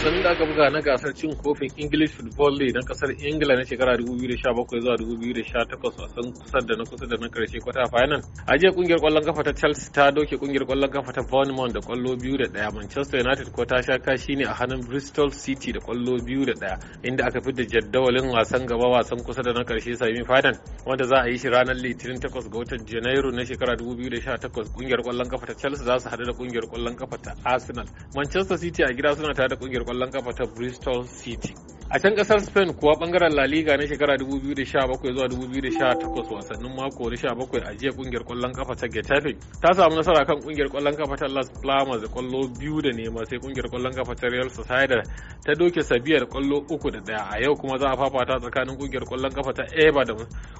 wasannin da aka buga na gasar cin kofin English Football League na kasar Ingila na shekara 2017 zuwa 2018 wasan kusa da na kusa da na karshe kwata final. A jiya kungiyar kwallon kafa ta Chelsea ta doke kungiyar kwallon kafa ta Bournemouth da kwallo biyu da daya. Manchester United ko ta sha kashi ne a hannun Bristol City da kwallo biyu da daya inda aka fidda jaddawalin wasan gaba wasan kusa da na karshe semi final wanda za a yi shi ranar Litinin 8 ga watan Janairu na shekara 2018 kungiyar kwallon kafa ta Chelsea za su hadu da kungiyar kwallon kafa ta Arsenal. Manchester City a gida suna tare da kungiyar kwallon kafa ta Bristol City. A can kasar Spain kuwa bangaren La Liga na shekara 2017 zuwa 2018 wasannin mako na 17 a jiya kungiyar kwallon kafa ta Getafe ta samu nasara kan kungiyar kwallon kafa ta Las Palmas da kwallo biyu da nema sai kungiyar kwallon kafa ta Real Sociedad ta doke sabiyar ƙwallo kwallo uku da daya a yau kuma za a fafata tsakanin kungiyar kwallon kafa ta Eba da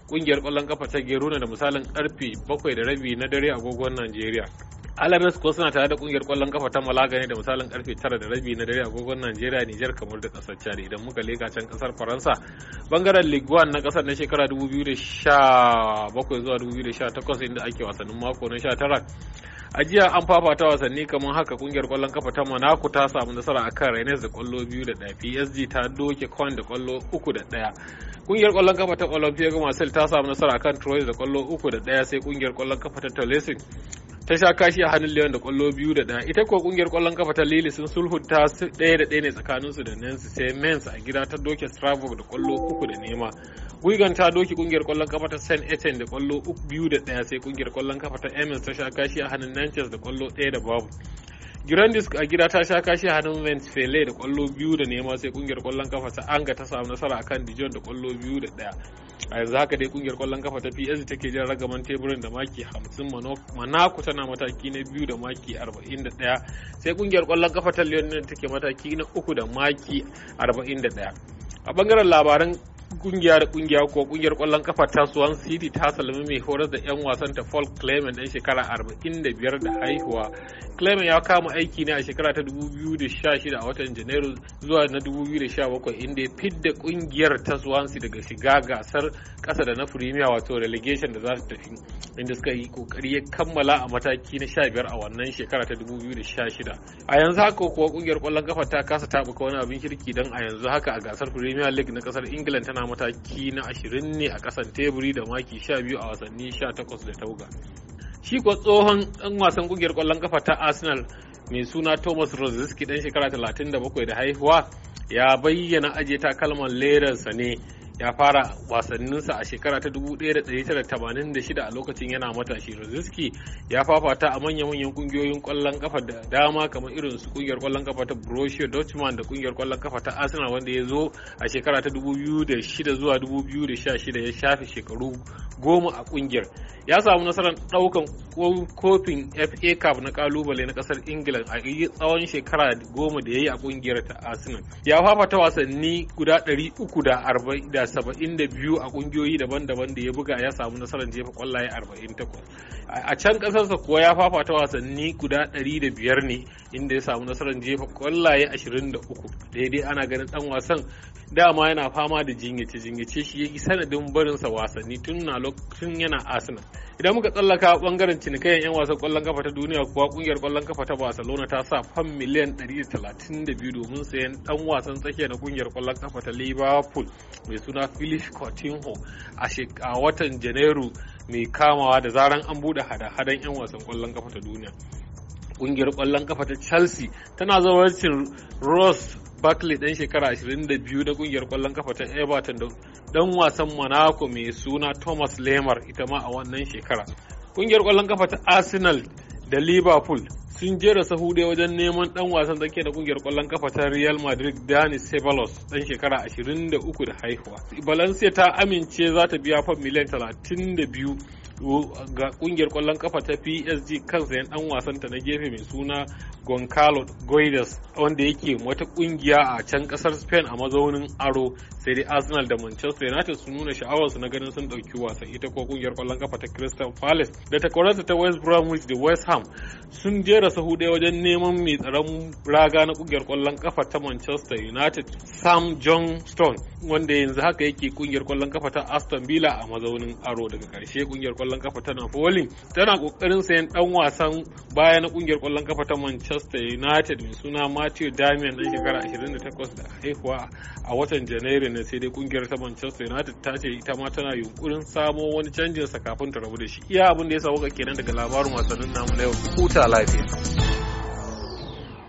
kungiyar kwallon kafa ta Gerona da misalin karfe bakwai da rabi na dare agogon Najeriya. Alabes ko suna tare da kungiyar kwallon kafa ta Malaga ne da misalin karfe 9 da rabi na dare agogon Najeriya Nijar kamar da kasar Chad idan muka leka can kasar Faransa bangaren Ligue 1 na kasar na shekara 2017 zuwa 2018 inda ake wasannin mako na 19 a jiya an fafata wasanni kamar haka kungiyar kwallon kafa ta Monaco ta samu nasara akan Rennes da kwallo biyu da daya PSG ta doke kwan da kwallo uku da daya kungiyar kwallon kafa ta Olympique Marseille ta samu nasara akan Troyes da kwallo uku da daya sai kungiyar kwallon kafa ta Toulouse ta sha kashi a hannun Leon da kwallo biyu da ɗaya ita ko kungiyar kwallon kafa ta Lille sun sulhunta ɗaya da ɗaya ne tsakanin su da Nancy sai a gida ta doke Strasbourg da kwallo uku da nema Wigan ta doki kungiyar kwallon kafa ta St Etienne da kwallo biyu da ɗaya sai kungiyar kwallon kafa ta Amiens ta sha kashi a hannun Nantes da kwallo ɗaya da babu Girondis a gida ta sha kashi hannun fele da kwallo biyu da nema sai kungiyar kwallon kafa ta Anga ta samu nasara akan Dijon da kwallo biyu da daya. A yanzu haka dai kungiyar kwallon kafa ta PSG take jan ragaman teburin da maki 50 manaku tana mataki na biyu da maki 41 sai kungiyar kwallon kafa ta Lyon take mataki na uku da maki 41. a bangaren labaran kungiya da kungiya ko kungiyar kwallon kafa ta Swan City ta salami mai horar da 'yan wasan ta Folk Clement dan shekara 45 da haihuwa. Clement ya kama aiki ne a shekara ta 2016 a watan Janairu zuwa na 2017 inda ya fidda kungiyar ta City daga shiga gasar kasa da na Premier wato relegation da za su tafi inda suka yi kokari ya kammala a mataki na 15 a wannan shekara ta 2016. A yanzu haka kuwa kungiyar kwallon kafa ta kasa tabuka wani abin kirki don a yanzu haka a gasar Premier League na kasar England tana tana mataki na ashirin ne a ƙasan teburi da maki sha biyu a wasanni sha takwas da tauga shi kuwa tsohon ɗan wasan ƙungiyar ƙwallon ƙafa ta arsenal mai suna thomas roziski ɗan shekara 37 da haihuwa ya bayyana ajiye takalman lerarsa ne ya fara wasanninsa a shekara ta 1986 a lokacin yana matashi Rozinski ya fafata a manya-manyan kungiyoyin kwallon kafa da dama kamar irin su kungiyar kwallon kafa ta Borussia Dortmund da kungiyar kwallon kafa ta Arsenal wanda ya zo a shekara ta 2006 zuwa 2016 ya shafe shekaru goma a kungiyar ya samu nasarar daukan kofin fa cup na kalubale na kasar ingila a yi tsawon shekara goma da ya yi a kungiyar ta arsenal ya fafata wasanni guda 372 a kungiyoyi daban-daban da ya buga ya samu nasarar jefa kwallaye 48 a can kasarsa kuwa ya fafata wasanni guda 105 ne inda ya samu nasarar jefa kwallaye 23 daidai ana ganin dan wasan dama yana fama da jingice-jingice shi ya yi sanadin barinsa wasanni tun na lokacin yana Arsenal. Idan muka tsallaka bangaren cinikayyar 'yan wasan kwallon kafa ta duniya kuwa kungiyar kwallon kafa ta Barcelona ta sa fam miliyan 132 domin sayan dan wasan tsakiya na kungiyar kwallon kafa ta Liverpool mai suna Philippe Coutinho a watan Janairu mai kamawa da zaran an bude hada-hadan 'yan wasan kwallon kafa ta duniya. Kungiyar kwallon kafa ta Chelsea tana zawarcin Ross Barkley dan shekara 22 na kungiyar kwallon kafa ta Everton da dan wasan Monaco mai suna Thomas Lemar ita ma a wannan shekara. Kungiyar kwallon kafa ta Arsenal da Liverpool sun jera sahu dai wajen neman ɗan wasan tsakiya da kungiyar kwallon kafa ta Real Madrid Dani Ceballos dan shekara 23 da haihuwa. Valencia ta amince za ta biya fam miliyan 32 ga kungiyar kwallon kafa ta PSG kan sayan dan wasanta na gefe mai suna Goncalo Guedes wanda yake wata kungiya a can kasar Spain a mazaunin aro sai dai Arsenal da Manchester United sun nuna sha'awarsu na ganin sun dauki wasan ita ko kungiyar kwallon kafa ta Crystal Palace da ta takwararsa ta West Bromwich da West Ham sun jera sahu ɗaya wajen neman mai tsaron raga na kungiyar kwallon kafa ta Manchester United Sam Johnstone wanda yanzu haka yake kungiyar kwallon kafa ta Aston Villa a mazaunin aro daga karshe kungiyar kwallon kwallon kafa ta Napoli tana kokarin sayan dan wasan baya na kungiyar kwallon kafa ta Manchester United mai suna Matthew Damian na shekara 28 da haihuwa a watan Janairu ne sai dai kungiyar ta Manchester United ta ce ita ma tana yunkurin samo wani canjin sa kafin ta rabu da shi iya abin da ya sa kenan daga labarin wasannin namu na yau huta lafiya